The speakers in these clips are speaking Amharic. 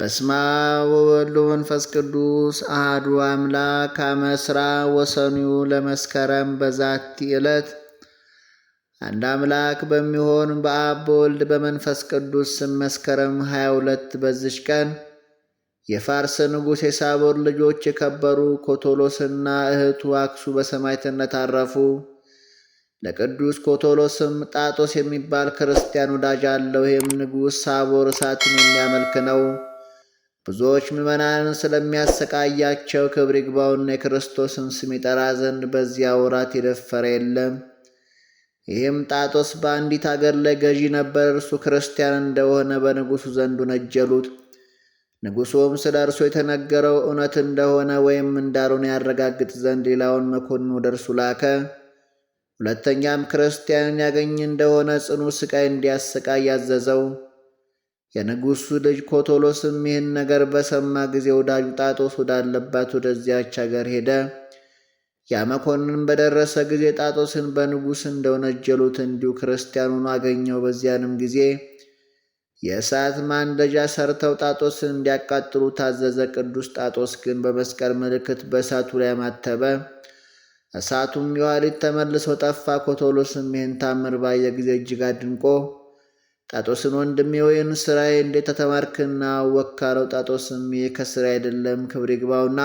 በስማ ወወልድ ወመንፈስ ቅዱስ አህዱ አምላክ አመስራ ወሰኑ ለመስከረም በዛቲ ዕለት አንድ አምላክ በሚሆን በአብ በወልድ በመንፈስ ቅዱስ ስም መስከረም 22 በዚች ቀን የፋርስ ንጉሥ የሳቦር ልጆች የከበሩ ኮቶሎስና እህቱ አክሱ በሰማዕትነት አረፉ። ለቅዱስ ኮቶሎስም ጣጦስ የሚባል ክርስቲያን ወዳጅ አለው። ይህም ንጉሥ ሳቦር እሳትን የሚያመልክ ነው። ብዙዎች ምዕመናንን ስለሚያሰቃያቸው ክብር ይግባውና የክርስቶስን ስም ይጠራ ዘንድ በዚያ ወራት የደፈረ የለም። ይህም ጣጦስ በአንዲት አገር ላይ ገዢ ነበር። እርሱ ክርስቲያን እንደሆነ በንጉሡ ዘንድ ነጀሉት። ንጉሱም ስለ እርሱ የተነገረው እውነት እንደሆነ ወይም እንዳልሆነ ያረጋግጥ ዘንድ ሌላውን መኮንን ወደ እርሱ ላከ። ሁለተኛም ክርስቲያንን ያገኝ እንደሆነ ጽኑ ስቃይ እንዲያሰቃይ ያዘዘው። የንጉሡ ልጅ ኮቶሎስም ይህን ነገር በሰማ ጊዜ ወዳጁ ጣጦስ ወዳለባት ወደዚያች አገር ሄደ። ያ መኮንን በደረሰ ጊዜ ጣጦስን በንጉስ እንደወነጀሉት እንዲሁ ክርስቲያኑን አገኘው። በዚያንም ጊዜ የእሳት ማንደጃ ሰርተው ጣጦስን እንዲያቃጥሉ ታዘዘ። ቅዱስ ጣጦስ ግን በመስቀል ምልክት በእሳቱ ላይ ማተበ። እሳቱም የኋሊት ተመልሶ ጠፋ። ኮቶሎስም ይህን ታምር ባየ ጊዜ እጅግ አድንቆ ጣጦስን ወንድሜ ወይን ስራዬ እንዴት ተተማርክና ወካለው። ጣጦስም ይህ ከስራ አይደለም ክብር ይግባውና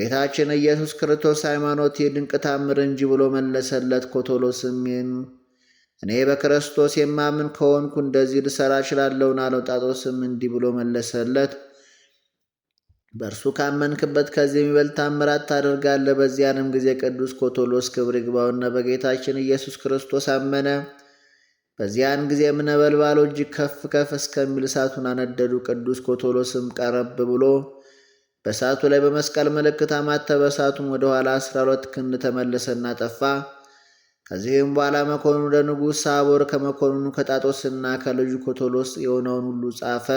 ጌታችን ኢየሱስ ክርስቶስ ሃይማኖት የድንቅ ታምር እንጂ ብሎ መለሰለት። ኮቶሎስም ይህን እኔ በክርስቶስ የማምን ከሆንኩ እንደዚህ ልሰራ እችላለሁን አለው። ጣጦስም እንዲህ ብሎ መለሰለት። በእርሱ ካመንክበት ከዚህ የሚበልጥ ታምራት ታደርጋለህ። በዚያንም ጊዜ ቅዱስ ኮቶሎስ ክብር ይግባውና በጌታችን ኢየሱስ ክርስቶስ አመነ። በዚያን ጊዜም ነበልባሉ እጅግ ከፍ ከፍ እስከሚል እሳቱን አነደዱ። ቅዱስ ኮቶሎስም ቀረብ ብሎ በእሳቱ ላይ በመስቀል ምልክት አማተበ። እሳቱም ወደ ኋላ አስራ ሁለት ክንድ ተመለሰና ጠፋ። ከዚህም በኋላ መኮንኑ ለንጉሥ ሳቦር ከመኮንኑ ከጣጦስና ከልጁ ኮቶሎስ የሆነውን ሁሉ ጻፈ።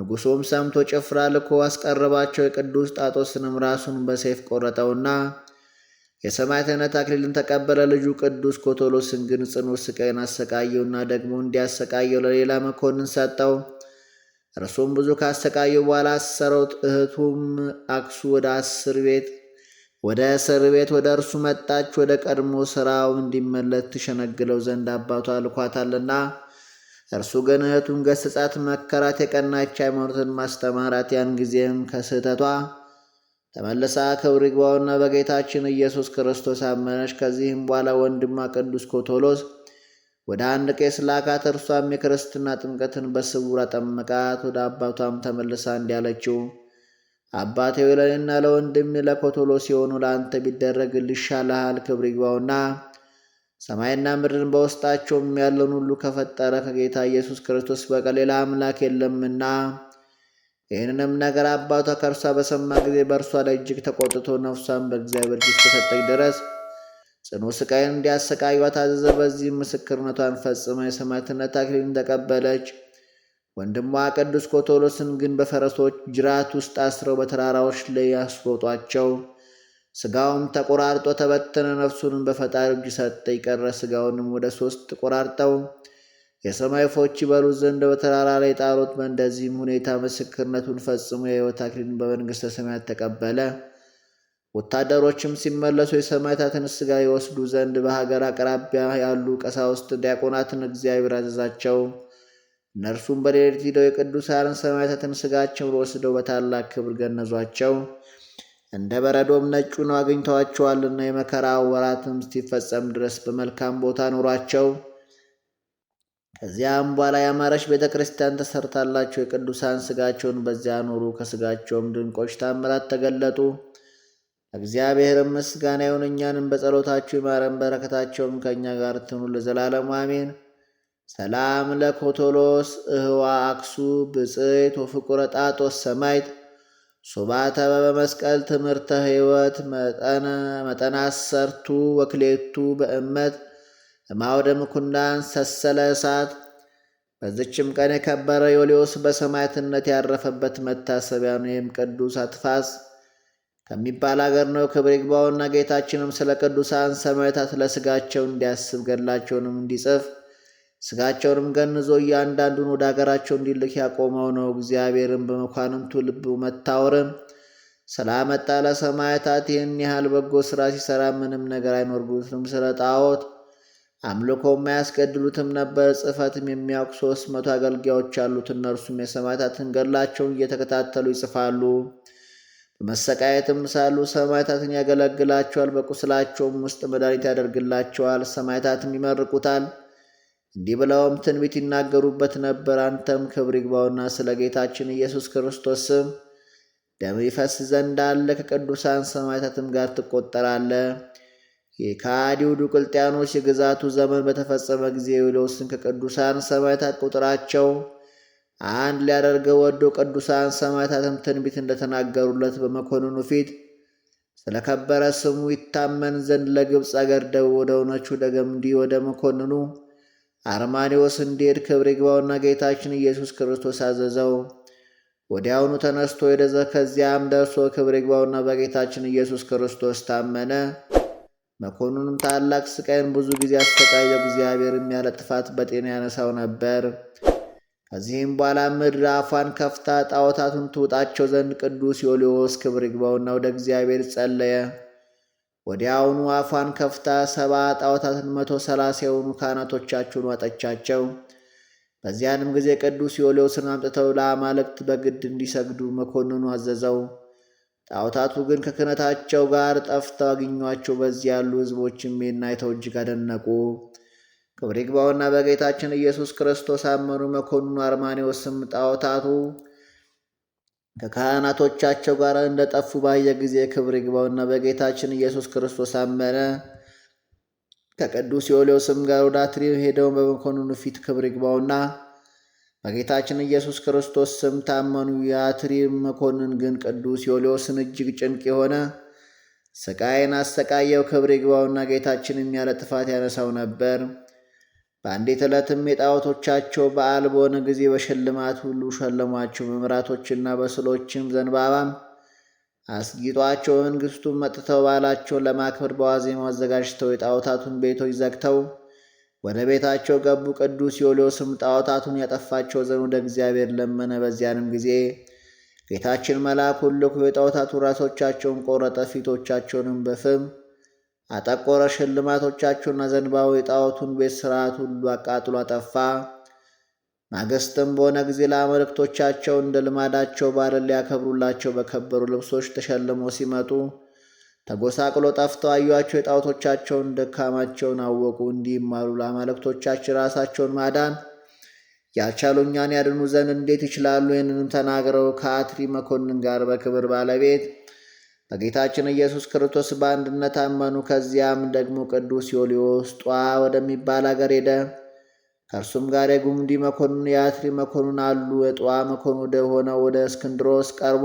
ንጉሡም ሰምቶ ጭፍራ ልኮ አስቀረባቸው። የቅዱስ ጣጦስንም ራሱን በሰይፍ ቆረጠውና የሰማዕትነት አክሊልን ተቀበለ። ልጁ ቅዱስ ኮቶሎስን ግን ጽኑ ስቃይን አሰቃየውና ደግሞ እንዲያሰቃየው ለሌላ መኮንን ሰጠው። እርሱም ብዙ ካሰቃየው በኋላ አሰረውት። እህቱም አክሱ ወደ አስር ቤት ወደ እስር ቤት ወደ እርሱ መጣች። ወደ ቀድሞ ስራው እንዲመለስ ትሸነግለው ዘንድ አባቷ ልኳታልና እርሱ ግን እህቱን ገስጻት፣ መከራት፣ የቀናች ሃይማኖትን ማስተማራት። ያን ጊዜም ከስህተቷ ተመልሳ ክብር ይግባውና በጌታችን ኢየሱስ ክርስቶስ አመነች። ከዚህም በኋላ ወንድሟ ቅዱስ ኮቶሎስ ወደ አንድ ቄስ ላካት። እርሷም የክርስትና ጥምቀትን በስውር አጠምቃት። ወደ አባቷም ተመልሳ እንዲያለችው አባቴ ለኔና ለወንድሜ ለኮቶሎስ የሆኑ ለአንተ ቢደረግልህ ይሻልሃል። ክብር ይግባውና ሰማይና ምድርን በውስጣቸውም ያለውን ሁሉ ከፈጠረ ከጌታ ኢየሱስ ክርስቶስ በቀር ሌላ አምላክ የለምና ይህንንም ነገር አባቷ ከእርሷ በሰማ ጊዜ በእርሷ ላይ እጅግ ተቆጥቶ ነፍሷን በእግዚአብሔር ፊት እስከሰጠች ድረስ ጽኑ ስቃይን እንዲያሰቃዩት አዘዘ። በዚህ ምስክርነቷን ፈጽመ የሰማዕትነት አክሊልን ተቀበለች። ወንድሟ ቅዱስ ኮቶሎስን ግን በፈረሶች ጅራት ውስጥ አስረው በተራራዎች ላይ ያስሮጧቸው። ስጋውም ተቆራርጦ ተበተነ። ነፍሱንም በፈጣሪ እጅ ሰጠ። የቀረ ስጋውንም ወደ ሶስት ቆራርጠው የሰማይ ፎች ይበሉ ዘንድ በተራራ ላይ ጣሉት። በእንደዚህም ሁኔታ ምስክርነቱን ፈጽሞ የሕይወት አክሊልን በመንግሥተ ሰማያት ተቀበለ። ወታደሮችም ሲመለሱ የሰማዕታትን ሥጋ ይወስዱ ዘንድ በሀገር አቅራቢያ ያሉ ቀሳውስት ዲያቆናትን እግዚአብሔር አዘዛቸው። እነርሱም በሌሊት ሂደው የቅዱሳንን ሰማዕታትን ሥጋቸውን ወስደው በታላቅ ክብር ገነዟቸው። እንደ በረዶም ነጩ ነው አግኝተዋቸዋልና የመከራ ወራትም እስኪፈጸም ድረስ በመልካም ቦታ ኖሯቸው። ከዚያም በኋላ ያማረች ቤተ ክርስቲያን ተሰርታላቸው የቅዱሳን ስጋቸውን በዚያ ኖሩ። ከስጋቸውም ድንቆች ታምራት ተገለጡ። እግዚአብሔርም ምስጋና ይሁን፣ እኛንም በጸሎታቸው ይማረን፣ በረከታቸውም ከእኛ ጋር ትኑ ለዘላለሙ አሜን። ሰላም ለኮቶሎስ እህዋ አክሱ ብፅዕት ወፍቁረ ጣጦስ ሰማይት ሶባተ በመስቀል ትምህርተ ሕይወት መጠናሰርቱ ወክሌቱ በእመት ለማውደም ኩናን ሰሰለ እሳት። በዚችም ቀን የከበረ ዮልዮስ በሰማዕትነት ያረፈበት መታሰቢያ ነው። ይህም ቅዱስ አትፋስ ከሚባል አገር ነው። ክብር ይግባውና ጌታችንም ስለ ቅዱሳን ሰማዕታት ለስጋቸው እንዲያስብ ገድላቸውንም እንዲጽፍ ስጋቸውንም ገንዞ እያንዳንዱን ወደ አገራቸው እንዲልክ ያቆመው ነው። እግዚአብሔርን በመኳንንቱ ልብ መታወርም ስላመጣ ለሰማዕታት ይህን ያህል በጎ ስራ ሲሰራ ምንም ነገር አይኖርጉትም። ስለ ጣዖት አምልኮም አያስገድሉትም ነበር። ጽህፈትም የሚያውቅ ሶስት መቶ አገልጋዮች አሉት። እነርሱም የሰማዕታትን ገድላቸውን እየተከታተሉ ይጽፋሉ። በመሰቃየትም ሳሉ ሰማዕታትን ያገለግላቸዋል። በቁስላቸውም ውስጥ መድኃኒት ያደርግላቸዋል። ሰማዕታትም ይመርቁታል። እንዲህ ብለውም ትንቢት ይናገሩበት ነበር። አንተም ክብር ይግባውና ስለ ጌታችን ኢየሱስ ክርስቶስ ስም ደም ይፈስ ዘንድ አለ ከቅዱሳን ሰማዕታትም ጋር ትቆጠራለህ የካዲው ዱቅልጥያኖች የግዛቱ ዘመን በተፈጸመ ጊዜ ዊሎስን ከቅዱሳን ሰማዕታት ቁጥራቸው አንድ ሊያደርገው ወዶ ቅዱሳን ሰማዕታትም ትንቢት እንደተናገሩለት በመኮንኑ ፊት ስለከበረ ስሙ ይታመን ዘንድ ለግብፅ አገር ደቡብ ወደ ሆነች ወደ ወደ መኮንኑ አርማኒዎስ እንዲሄድ ክብር ይግባውና ጌታችን ኢየሱስ ክርስቶስ አዘዘው። ወዲያውኑ ተነስቶ ሄደ። ከዚያም ደርሶ ክብር ይግባውና በጌታችን ኢየሱስ ክርስቶስ ታመነ። መኮንኑም ታላቅ ስቃይን ብዙ ጊዜ አስተቃየው፣ እግዚአብሔርም ያለ ጥፋት በጤና ያነሳው ነበር። ከዚህም በኋላ ምድር አፏን ከፍታ ጣዖታቱን ትውጣቸው ዘንድ ቅዱስ ዮልዮስ ክብር ይግባውና ወደ እግዚአብሔር ጸለየ። ወዲያውኑ አፏን ከፍታ ሰባ ጣዖታትን መቶ ሰላሳ የሆኑ ካህናቶቻችሁን ዋጠቻቸው። በዚያንም ጊዜ ቅዱስ ዮልዮስን አምጥተው ለአማልክት በግድ እንዲሰግዱ መኮንኑ አዘዘው። ጣዖታቱ ግን ከክህነታቸው ጋር ጠፍተው አግኟቸው። በዚህ ያሉ ህዝቦች ይህን አይተው እጅግ አደነቁ። ክብር ይግባውና በጌታችን ኢየሱስ ክርስቶስ አመኑ። መኮንኑ አርማኔዎስም ጣዖታቱ ከካህናቶቻቸው ጋር እንደጠፉ ባየ ጊዜ ክብር ይግባውና በጌታችን ኢየሱስ ክርስቶስ አመነ። ከቅዱስ ዮልዮስም ጋር ወደ አትሪም ሄደው በመኮንኑ ፊት ክብር ይግባውና በጌታችን ኢየሱስ ክርስቶስ ስም ታመኑ። የአትሪም መኮንን ግን ቅዱስ ዮልዮስን እጅግ ጭንቅ የሆነ ስቃይን አሰቃየው። ክብር ይግባውና ጌታችንም ያለ ጥፋት ያነሳው ነበር። በአንዲት ዕለትም የጣዖቶቻቸው በዓል በሆነ ጊዜ በሽልማት ሁሉ ሸለሟቸው። መምራቶችና በስሎችም ዘንባባም አስጊጧቸው። መንግሥቱም መጥተው በዓላቸውን ለማክበር በዋዜማው አዘጋጅተው የጣዖታቱን ቤቶች ዘግተው ወደ ቤታቸው ገቡ። ቅዱስ ዮልዮስም ጣዖታቱን ያጠፋቸው ዘንድ ወደ እግዚአብሔር ለመነ። በዚያንም ጊዜ ጌታችን መልአኩን ልኮ የጣዖታቱ ራሶቻቸውን ቆረጠ፣ ፊቶቻቸውንም በፍም አጠቆረ። ሽልማቶቻቸውና ዘንባው የጣዖቱን ቤት ስርዓት ሁሉ አቃጥሎ አጠፋ። ማግስትም በሆነ ጊዜ ለአማልክቶቻቸው እንደ ልማዳቸው ባለ ሊያከብሩላቸው በከበሩ ልብሶች ተሸልሞ ሲመጡ ተጎሳቅሎ ጠፍተው አዩአቸው። የጣዖቶቻቸውን ደካማቸውን አወቁ። እንዲማሉ ለአማልክቶቻችን ራሳቸውን ማዳን ያልቻሉ እኛን ያድኑ ዘንድ እንዴት ይችላሉ? ይህንንም ተናግረው ከአትሪ መኮንን ጋር በክብር ባለቤት በጌታችን ኢየሱስ ክርስቶስ በአንድነት አመኑ። ከዚያም ደግሞ ቅዱስ ዮልዮስ ጧ ወደሚባል አገር ሄደ። ከእርሱም ጋር የጉምዲ መኮንን፣ የአትሪ መኮንን አሉ። የጧ መኮንን ወደ ሆነው ወደ እስክንድሮስ ቀርቦ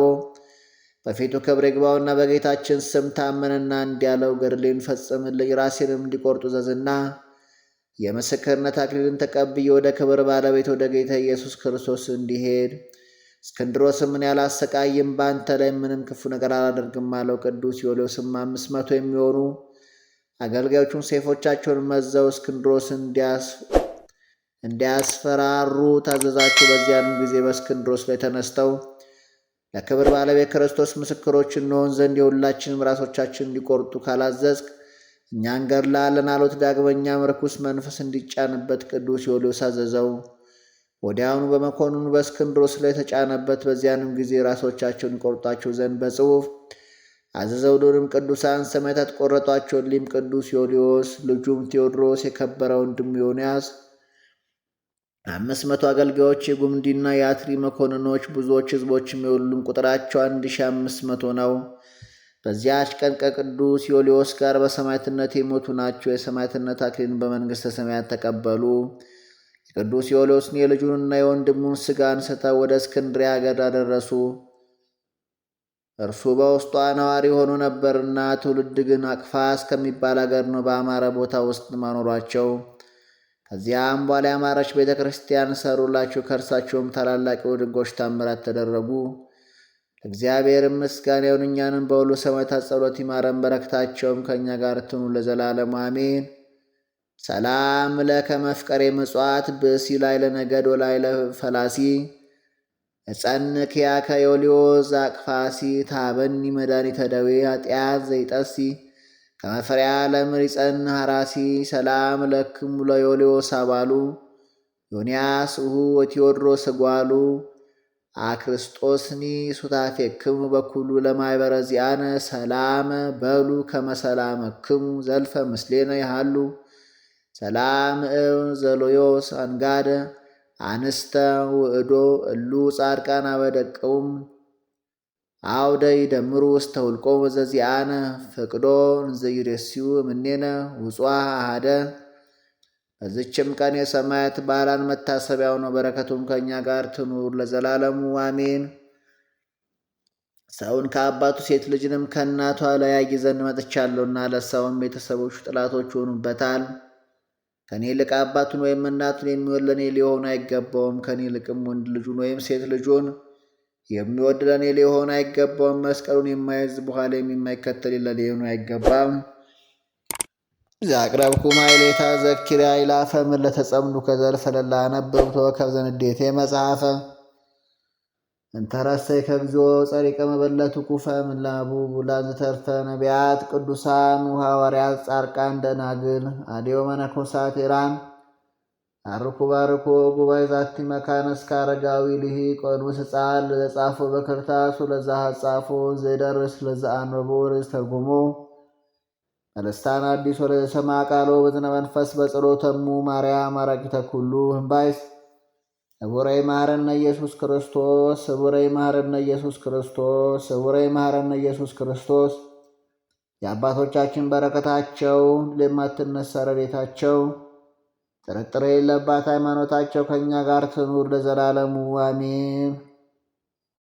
በፊቱ ክብር ይግባውና በጌታችን ስም ታመንና እንዲያለው ገድሌን ፈጽምልኝ ራሴንም እንዲቆርጡ ዘዝና የምስክርነት አክሊልን ተቀብዬ ወደ ክብር ባለቤት ወደ ጌታ ኢየሱስ ክርስቶስ እንዲሄድ እስክንድሮስ ምን ያላሰቃይም በአንተ ላይ ምንም ክፉ ነገር አላደርግም አለው። ቅዱስ ዮልዮስም አምስት መቶ የሚሆኑ አገልጋዮቹን ሰይፎቻቸውን መዘው እስክንድሮስ እንዲያስፈራሩ ታዘዛቸው። በዚያን ጊዜ በእስክንድሮስ ላይ ተነስተው ለክብር ባለቤት ክርስቶስ ምስክሮች እንሆን ዘንድ የሁላችንም ራሶቻችን እንዲቆርጡ ካላዘዝክ እኛ እንገድልሃለን አሉት። ዳግመኛም ርኩስ መንፈስ እንዲጫንበት ቅዱስ ዮልዮስ አዘዘው። ወዲያውኑ በመኮንኑ በእስክንድሮስ ላይ ተጫነበት። በዚያንም ጊዜ ራሶቻቸውን ይቆርጧቸው ዘንድ በጽሑፍ አዘዘው። ዶንም ቅዱሳን ሰማዕታት ቆረጧቸው። ሊም ቅዱስ ዮልዮስ ልጁም ቴዎድሮስ የከበረ ወንድሙ ዮንያስ አምስት መቶ አገልጋዮች፣ የጉምዲና የአትሪ መኮንኖች፣ ብዙዎች ህዝቦች የሁሉም ቁጥራቸው አንድ ሺ አምስት መቶ ነው። በዚያች ቀን ከቅዱስ ዮልዮስ ጋር በሰማዕትነት የሞቱ ናቸው። የሰማዕትነት አክሊን በመንግሥተ ሰማያት ተቀበሉ። የቅዱስ ዮልዮስን የልጁንና የወንድሙን ሥጋ አንስተው ወደ እስክንድርያ አገር አደረሱ። እርሱ በውስጧ ነዋሪ ሆኖ ነበርና ትውልድ ግን አቅፋስ ከሚባል አገር ነው። በአማረ ቦታ ውስጥ ማኖሯቸው ከዚያም በኋላ ያማረች ቤተ ክርስቲያን ሰሩላችሁ። ከእርሳቸውም ታላላቅ ድንቆች ታምራት ተደረጉ። ለእግዚአብሔር ምስጋና ይሁን። እኛንም በሁሉ ሰማዕታት ጸሎት ይማረን፣ በረከታቸውም ከእኛ ጋር ትኑ ለዘላለሙ አሜን። ሰላም ለከ መፍቀሬ ምጽዋት ብእሲ ላይ ለነገድ ወላይ ለፈላሲ እጸንክ ያከ ታበኒ መድኃኒተ ደዌ ኃጢአት ዘይጠሲ ከመፈሪያ ለምሪፀን ሃራሲ ሰላም ለክም ለዮልዮስ አባሉ ዮንያስ እሁ ወቴዎድሮስ ጓሉ አክርስጦስኒ ሱታፌ ክሙ በኩሉ ለማይበረዚያነ ሰላም በሉ ከመሰላመ ክሙ ዘልፈ ምስሌነ ይሃሉ ሰላም እብ ዘሎዮስ አንጋደ አንስተ ውእዶ እሉ ጻድቃን አበደቀውም አውደ ይደምሩ ውስተ ውልቆ ወዘዚአነ ፍቅዶ ዘይሬሲዩ ምኔነ ውጿ አሃደ። በዚችም ቀን የሰማያት ባህላን መታሰቢያው ነው። በረከቱም ከእኛ ጋር ትኑር ለዘላለሙ አሜን። ሰውን ከአባቱ ሴት ልጅንም ከእናቷ ለያይ ዘንድ መጥቻለሁና ለሰውም ቤተሰቦቹ ጥላቶች ይሆኑበታል። ከኔ ይልቅ አባቱን ወይም እናቱን የሚወድ ለእኔ ሊሆን አይገባውም። ከኔ ይልቅም ወንድ ልጁን ወይም ሴት ልጁን የሚወድ ለእኔ ሊሆን አይገባውም። መስቀሉን የማይዝ በኋላ የማይከተል ሊሆኑ አይገባም። ዘአቅረብኩ ማሕሌታ ዘኪርያ ይላፈ ለተጸምዱ ከዘልፈ ለላ ነበብቶ ዘንዴቴ መጽሐፈ እንተረሰይ ከግዚኦ ጸሪቀ መበለቱ ኩፈ ምላቡ ቡላ ዝተርፈ ነቢያት ቅዱሳን ሐዋርያት ጻርቃን ደናግል አዲዮ መነኮሳት ኢራን አርኩ ባርኮ ጉባኤ ዛቲ መካን እስከ አረጋዊ ልሂ ቆኑስ ሕፃን ለጻፎ በክርታሱ ለዛ ጻፎ ዘይደርስ ለዛ አንበቦ ርዕስ ተርጉሞ መልስታን አዲስ ወደ ቃሎ በዝነ መንፈስ በጸሎተሙ ማርያም አራቂተ ኩሉ ህምባይስ ስቡረይ ማረነ ኢየሱስ ክርስቶስ ስቡረይ ማረነ ኢየሱስ ክርስቶስ ስቡረይ ማረነ ኢየሱስ ክርስቶስ የአባቶቻችን በረከታቸው ለማትነሳ ረድኤታቸው ጥርጥር የለባት ሃይማኖታቸው ከእኛ ጋር ትኑር ለዘላለሙ አሜን።